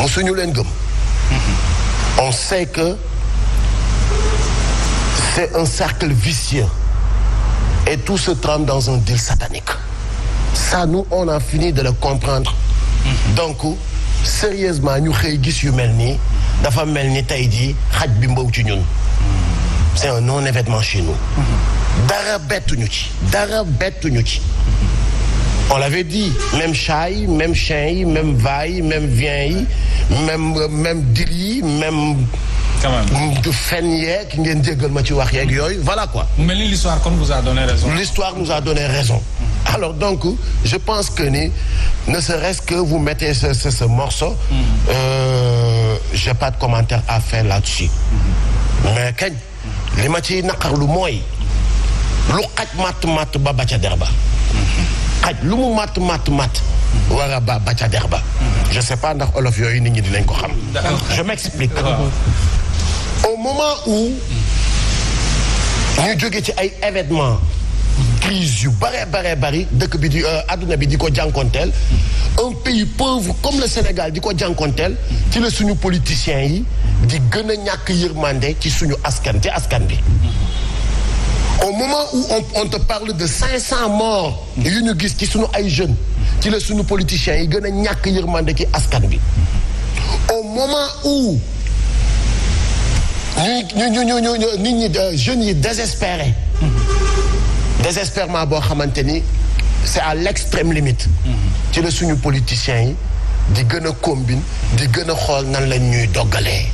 on suñu leen gëm on sait que c'est un cercle vicieux et tout se trame dans un deal satanique ça nous on a fini de le comprendre donc sérieusement ñu xëy gis yu mel nii dafa mel ni tey jii xaj bi mbaw ci ñun c'est un non événement chez nous dara bettuñu ci dara bettuñu ci on l'avait dit même chat yi même chien euh, yi même va yi même vient yi même même dil yi même. du fen yeeg ngeen jéggal ma ci wax yeeg yooyu voilà quoi. mu mel ni l'histoire comme a donné raison. Mm-hmm. alors donc je pense que ni ne serait-ce que vous mettez ce ce, morceau. Mm pas de commentaire à faire là-dessus. Mm -hmm. mais kañ mm-hmm. li ma mooy lu xaj matt matt ba ba ca derba. xaj lu mu màtt màtt màtt war a ba ba ba je sais pas ndax olof yooyu nit ñi dinañ ko xam je m'explique au moment où ñu jóge ci ay événement crise yu bare bare bari dëkk bi di àdduna euh, bi di ko jànkonteel un pays pauvre comme le Sénégal di ko jànkonteel ci la suñu politiciens yi di gën a ñàkk yërmande ci suñu askan ci askan bi au moment où on, on te parle de 500 morts. yu ñu gis ci suñu ay jeunes. ci la suñu politiciens yi gën a ñàkk yërmande ki askan bi. au moment où ñu ñu ñu ñu nit ñi euh, jeunes yi désespéré. désespérément boo xamante ni c'est à l'extrême limite. ci la suñu politiciens yi di gën a combine di gën a xool nan lañ ñuy doggalee.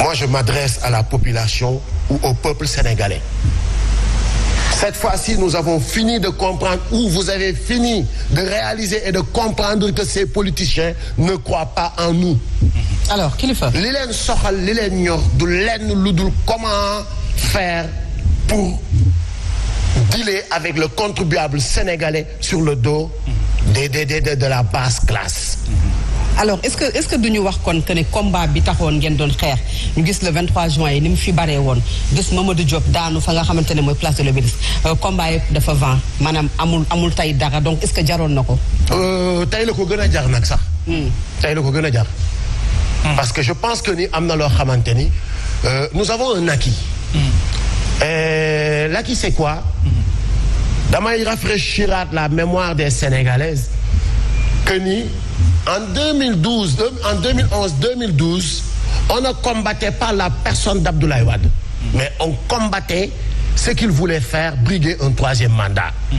moi je m'adresse à la population. ou au peuple sénégalais. Cette fois-ci, nous avons fini de comprendre, ou vous avez fini de réaliser et de comprendre que ces politiciens ne croient pas en nous. Alors, Kilifeu. li leen soxal li leen ñor du lenn lu dul comment faire pour dealer avec le contribuable sénégalais sur le dos des des de, de, de la basse classe. alors est-ce que est-ce que duñu wax kon que ne combat bi taxoon ngeen doon xeex ñu gis le 23 juin yi ni mu fi baree woon gis Mamadou Diop daanu fa nga xamante ne mooy place de l'Obélisque euh, combat yëpp dafa vent maanaam amul amul tey dara donc est-ce que jaroon na ko. Euh, tey la ko gën a jar nag sax. Hmm. tey la ko gën a jar. Hmm. parce que je pense que ni am na loo xamante ni euh, nous avons un acquis. Hmm. et l'acquis c'est quoi. damay rafraîchiraat la mémoire des Sénégalaises que ni. En 2012, en 2011, 2012, on ne combattait pas la personne d'Abdoulaye Wade, mmh. mais on combattait ce qu'il voulait faire, briguer un troisième mandat. Mmh.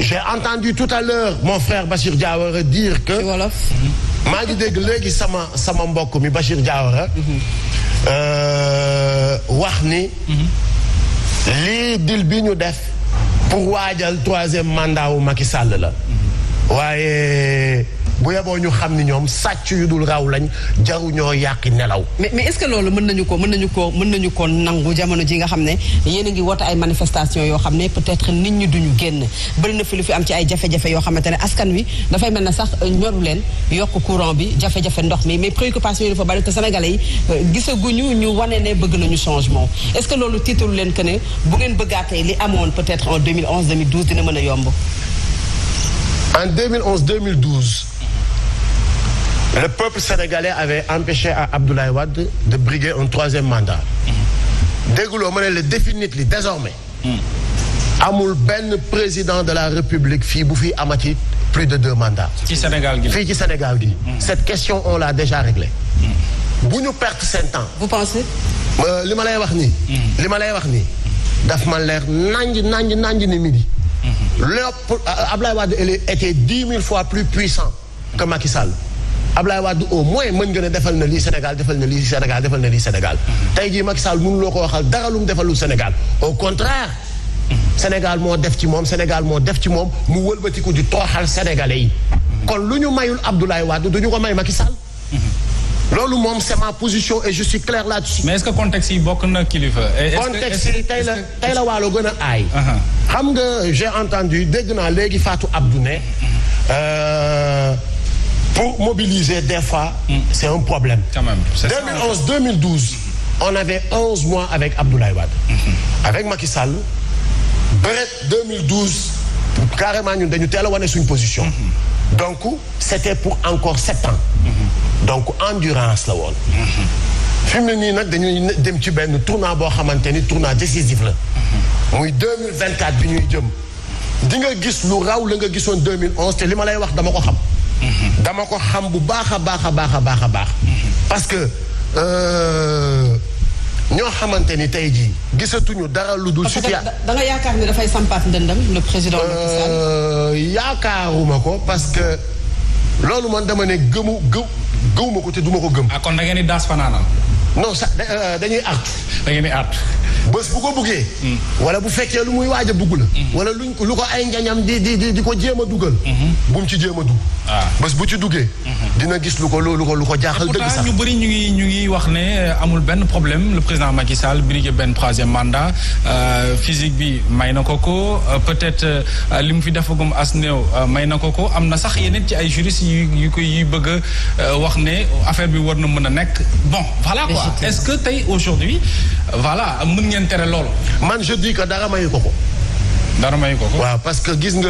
J'ai entendu tout à l'heure mon frère Bachir Diawara dire que maa ngi dégg léegi sama sama mbokk mi Bachir Diawara euh, wax ni lii bi ñu def pour waajal troisième mandat wu Macky Sall la waaye bu yeboo ñu xam ni ñoom sàcc yu dul raw lañ jaru ñoo yàqi nelaw. mais mais est-ce que loolu mën nañu ko mën nañu ko mën nañu ko nangu jamono ji nga xam ne yéen ngi woote ay manifestation yoo xam ne peut-être nit ñi duñu génn bëri na fi lu fi am ci ay jafe-jafe yoo xamante ne askan wi dafay mel na sax ñoru leen yokk courant bi jafe-jafe ndox mi mais préoccupation yi dafa bari te sénégalais yi euh, gisaguñu ñu wane ne bëgg nañu changement est-ce que loolu tiitalu leen que ne bu ngeen bëggaatee li amoon peut-être en 2011 2012 dina mën a yomb. en 2011 2012. Le peuple sénégalais avait empêché à Abdoulaye Wade de briguer un troisième mandat. dégguloo ma le la définite li désormais amul benn président de la République fii bu fi amati plus de deux mandats. ci Sénégal gi fii ci Sénégal gi. cette question on l'a déjà réglée. bu ñu perte seen temps. vous pensez. li ma lay wax nii. li ma lay wax nii. daf ma leer nanj nanj nanj ni midi. Mhm. lépp était mille fois plus puissant que Macky Sall. Ablaye Wade au moins mën nga ne defal na lii Sénégal defal na lii Sénégal defal na lii Sénégal mhm. tey jii Macky Sall mënuloo ko waxal dara lu mu defalul Sénégal au contraire mhm. Sénégal moo def ci moom Sénégal moo def ci moom mu wëlbatiku di tooxal sénégalais yi mhm. kon lu ñu mayul Abdoulaye Wade du ñu ko may Macky Sall loolu moom c'est ma position et je suis clair là-dessus. mais est-ce que contexte yi bokk na kilifa. contexte yi tey la tey la waalo gën a aay. Uh-huh. xam nga j'ai entendu dégg naa léegi Fatou Abdou ne. Euh, pour mobiliser des fois, c'est un problème. Quand même. 2011, 2012, on avait 11 mois avec Abdoulaye Wade. Mm -hmm. Avec Macky Sall, bref, 2012, carrément, nous avons sur une position. Mm -hmm. Donc, c'était pour encore 7 ans. -hmm. Donc, endurance, la woon. fi mu ne nii nag dañuy dem ci benn tournant boo xamante ni tournant décisif la. muy 2024 bi ñuy jëm. di nga gis lu raw la nga gisoon 2011 te li ma lay wax dama ko xam. dama ko xam bu baax a baax a baax a baax a baax. parce que euh, ñoo xamante ni tey jii gisatuñu dara lu dul. situation da nga yaakaar ni dafay sampaat ndëndam le président Macky Sall. Euh, yaakaaruma ko parce que loolu man dama ne gëmu gëw gëwuma ko te duma ko gëm. ah kon da ngeen di daas fanaanam. non sax euh, dañuy artu. da ngeen bés bu ko buggee wala bu fekkee lu muy waaja a bugg la wala luñ lu ko ay njañam di di di ko jéem a dugal bu mu ci jéem a dugg ah. bés bu ci duggee dina gis lu ko lu ko lu ko jaaxal sax ñu bëri ñu ngi ñu ngi wax ne euh, amul benn problème le président Macky Sall briguer benn troisième mandat euh, physique bi may na ko ko euh, peut-être li mu fi defagum as néew may na ko ko am na sax yeneen ci ay juristes yu yu koy yuy bëgg wax ne affaire bi war na mën a nekk bon voilà quoi est-ce que tey aujourd'hui voilà mën ngeen tere loolu. man je dis que dara mayu ko ko. dara mayu ko ko waaw parce que gis nga.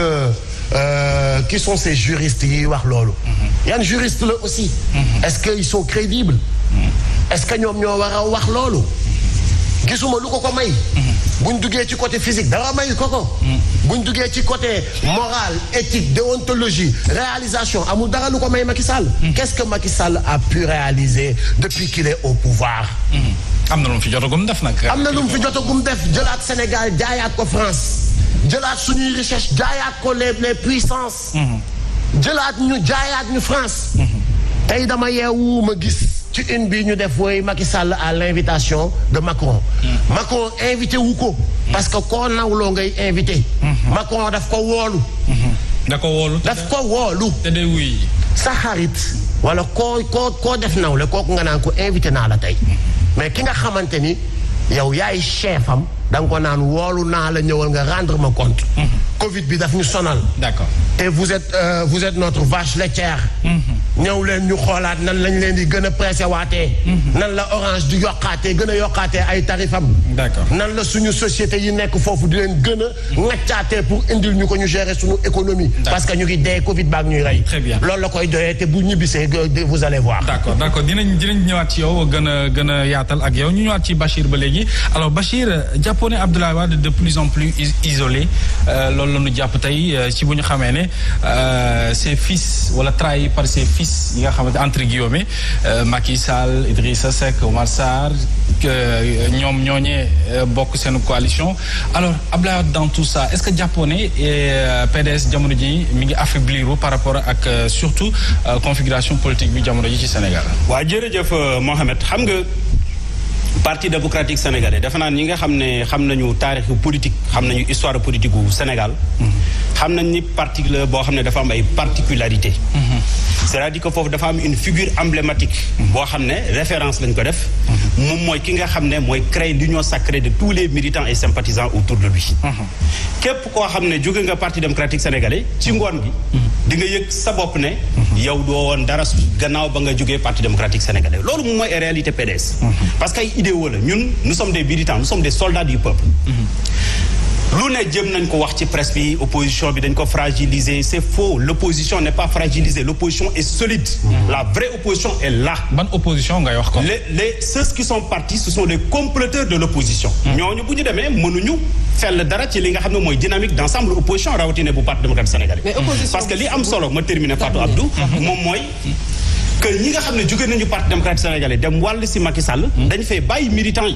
Euh, qui sont ces juristes yiy wax loolu. Mhm. yan juriste la aussi. Mm est-ce que ils sont crédibles. Mhm. est-ce que ñoom ñoo war a wax loolu. Mhm. gisuma lu ko ko may. buñ duggee ci côté physique dara mayu ko ko. buñ duggee ci côté moral éthique déontologie réalisation amul dara lu ko may Macky Sall. Mm. qu'est-ce que Macky Sall a pu réaliser depuis qu'il est au pouvoir. Mm. am na lu mu fi mu def nag. am na lu mu fi jotagum def jëlaat Sénégal jaayaat ko France jëlaat suñuy recherche jaayaat ko les les puissances. Mm-hmm. jëlaat ñu jaayaat France. Mm-hmm. tey dama yeewu ma gis. ci une bi ñu def woy Macky Sall à l'invitation de Macron mm. Macron invité wu ko mm. parce que koo nawloo ngay invité mm-hmm. Macron daf ko woolu mm-hmm. ko woolu daf ko woolu sa xarit wala koo koo koo def nawle kooku nga naan ko invité naa la tey mm-hmm. mais ki nga xamante ni yow yaay chef am da nga ko naan woolu naa la ñëwal nga rendre ma compte. Mhm. Covid bi dafa ñu sonal. d'accord te vous êtes euh, vous êtes notre vache laitière. Mhm. ñëw leen ñu xoolaat nan lañ leen di gën a pressé waatee. Mhm. nan la orange di yokkaatee gën a yokkaatee ay tarifam. d'accord nan la suñu société yi nekk foofu di leen gën a. ngaccaatee pour indil ñu ko ñu gérer suñu économie. parce que ñu ngi dee Covid baa ñuy rey. très loolu la koy doyee te bu ñibbisee vous allez voir. d'accord d'accord dinañ dinañ ñëwaat ci yow gën a gën a yaatal ak yow ñu ñëwaat ci Bachir ba léegi alors jàppoon ne Abdoulaye Wade de plus en plus isolé euh, loolu la ñu jàpp tey euh, ci bu ñu xamee ne euh, ses fils wala trahi par ses fils yi nga xamante entre guillemets Macky Sall Idrissa Seck Omar Sarr ñoom ñooñee bokk seen coalition alors Abdoulaye Wade dans tout ça est-ce que jàppoon ne PDS jamono ji mi ngi affaibliru par rapport ak surtout configuration politique bi jamono ji ci Sénégal. waa jërëjëf Mohamed xam nga. parti démocratique sénégalais dafa naan ñi nga xam ne xam nañu taarixu politique xam nañu histoire politique gu Sénégal. xam nañ ni parti boo xam ne dafa am ay particularités. c'est-à-dire que foofu dafa am une figure emblématique. boo xam ne référence lañ ko def. moom mooy ki nga xam ne mooy créer l'union sacrée de tous les militants et sympathisants autour de lui. képp koo xam ne jóge nga parti démocratique sénégalais ci ngoon gi. di nga yëg sa bopp ne. yow doo woon dara gannaaw ba nga jógee parti démocratique sénégalais loolu moom mooy réalité PDS. Mhm. parce que ay idéaux la ñun nous sommes des militants nous sommes des soldats du peuple. Mhm. lu ne jëm nañ ko wax ci presse bi opposition bi dañ ko fragiliser c'est faux l'opposition n'est pas fragilisée l'opposition est solide la vraie opposition est là ban opposition ngay wax ko le les ceux qui sont partis ce sont les de l'opposition hmm. ñooñu bu ñu demee mënuñu fell dara ci li nga xam ne mooy dynamique d'ensemble opposition rawatina bu parti démocratique sénégalais parce que li am solo ma terminer Fatou Abdou hmm. Hmm. moom mooy que ñi nga xam ne jóge nañu parti démocratique sénégalais dem wàll si Macky Sall dañ fee bàyyi militants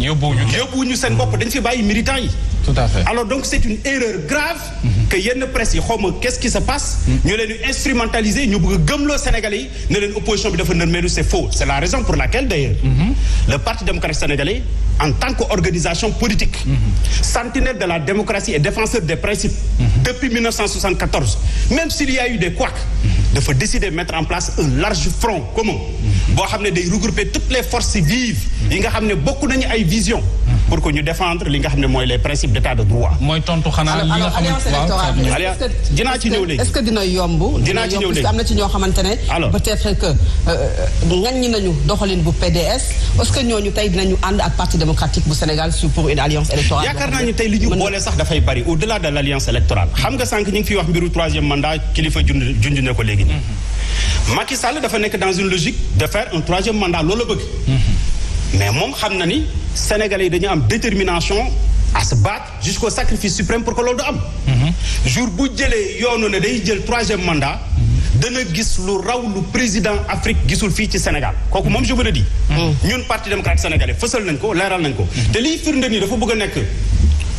yi yóbbuwuñu seen bopp dañ fee bàyyi militants tout à fait alors donc c' est une erreur grave. Mhm. que yenn presse yi xaw ma qu' est ce qui se passe. Mhm. ñoo leen di instrumentaliser ñu bëgg a gëmloo Sénégalais yi ne leen opposition bi dafa nërmeelu c' faux c' la raison pour laquelle d' ailleurs. Mhm. le parti démocratique sénégalais en tant que organisation politique. sentinelle de la démocratie et défenseur des principes. depuis 1974 même s' il y a eu des couacs. dafa décider mettre en place un large front commun. boo xam ne day regrouper toutes les forces vives. yi nga xam ne bokk nañu ay vision pour que ñu défendre li nga xam ne mooy les principes d'état de droit. mooy tontu xanaa li nga xam dinaa ci ñëw léegi est-ce que dina yomb. dinaa ci ñëw léegi am na ci ñoo xamante ne. alors peut-être euh, euh, nañu doxalin bu PDS est-ce que ñooñu tey dinañu ànd ak parti démocratique bu Sénégal sur pour une alliance électorale. yaakaar naa ni tey li ñu boole sax dafay bari au-delà de l'alliance électorale. xam nga sànq ñu ngi fiy wax mbiru troisième mhm. mhm. na ni sénégalais yi dañu am détermination à se battre jusqu'au sacrifice suprême pour que loolu du am mhm. jour bu jëlee yoonu ne day jël troisième mandat mhm. dana gis lu raw lu président Afrique gisul fii ci Sénégal kooku moom je vous le mhm. ñun parti démocrate sénégalais fësal nañ ko leeral nañ ko te liy firnde nii dafa bëgg a nekk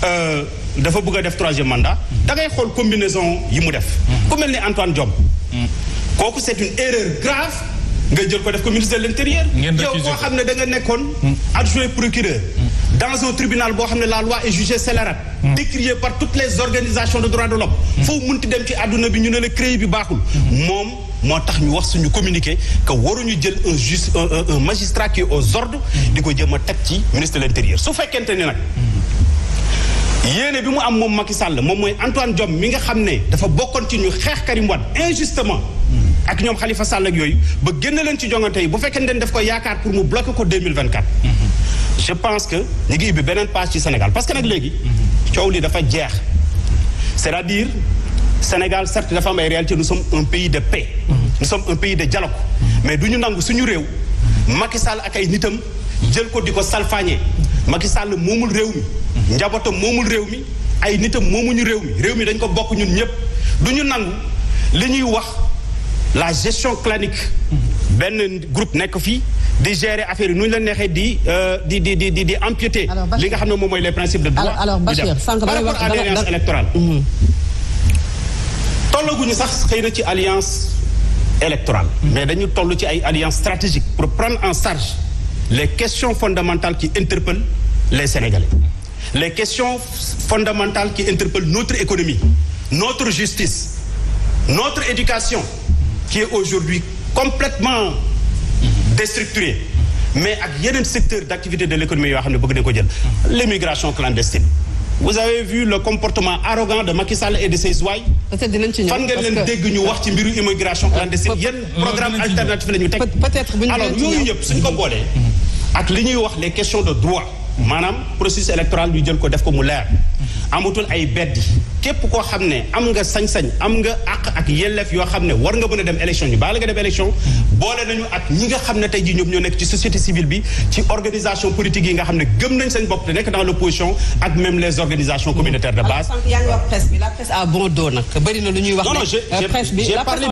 euh, dafa bëgg def troisième mandat dangay ngay xool combinaison yi mu def ku mel ni Antoine Diome kooku c'est une erreur grave nga jël ko def ko ministre de l' intérieur. yow xam ne da nga nekkoon. adjoint procureur. dans un tribunal boo xam ne la loi est jugée scélérate. Hmm. décriée par toutes les organisations de droits de l'homme hmm. foo munti dem ci àdduna bi ñu ne la CREI bi baaxul. Hmm. moom moo tax ñu wax suñu communiqué que waruñu jël un juge un magistrat qui est aux ordres. di ko jëm a teg ci ministre de l' intérieur su fekkente ni nag. yéene bi mu am moom Macky Sall moom mooy Antoine Diome mi nga xam ne dafa bokkoon ci ñu xeex Karim Wade injustement. ak ñoom xalifa Sall ak yooyu ba génn leen ci jongante yi bu fekkee ne def ko yaakaar pour mu bloquer ko 2024. je pense que ñu ngi ubbi beneen pace ci Sénégal parce que nag léegi. coow li dafa jeex. c'est-à-dire Sénégal certes dafa am ay réalité nous un pays de paix. nous sommes un pays de dialogue. mais du ñu nangu suñu réew. Macky sàll ak ay nitam jël ko di ko salfaañee. Macky sàll moomul réew mi. njabootam moomul réew mi. ay nitam moomuñu réew mi réew mi dañ ko bokk ñun ñëpp du ñu nangu li ñuy wax. la gestion clanique benn groupe nekk fii di gérer affaire yi nu la neexee euh, di di di di di empiéter li nga xam ne moom mooy les principes de droit alors Bachir sànq par rapport à l'alliance électorale mhm. sax xëy na ci alliance électorale mhm. mais dañu toll ci ay alliance stratégique pour prendre en charge les questions fondamentales qui interpellent les Sénégalais les questions fondamentales qui interpellent notre économie notre justice notre éducation qui est aujourd'hui complètement déstructuré mais ak yeneen secteur d' de l' économie yoo xam ne bëgg nañ ko jël l' immigration clandestine vous avez vu le comportement arrogant de Macky Sall et de ses ouailles fan ngeen leen dégg ñu wax ci mbiru immigration clandestine yenn programme alternatif la ñu teg alors yooyu yëpp suñ ko boolee ak li ñuy wax les questions de droit maanaam processus électoral ñu jël ko def ko mu leer amatul ay beddi képp koo xam ne am nga sañ-sañ am nga àq ak yelleef yoo xam ne war nga mën a dem élection ñu baal nga dem élection mm-hmm. boole nañu ak ñi nga xam ne tey jii ñoom ñoo nekk ci société civile bi ci organisation politique yi nga xam ne gëm nañ seen bopp te nekk dans l'opposition ak même les organisations communautaires de mm-hmm. base. Ah, yaa ngi nag bëri lu ñuy wax. non non j'ai euh, parlé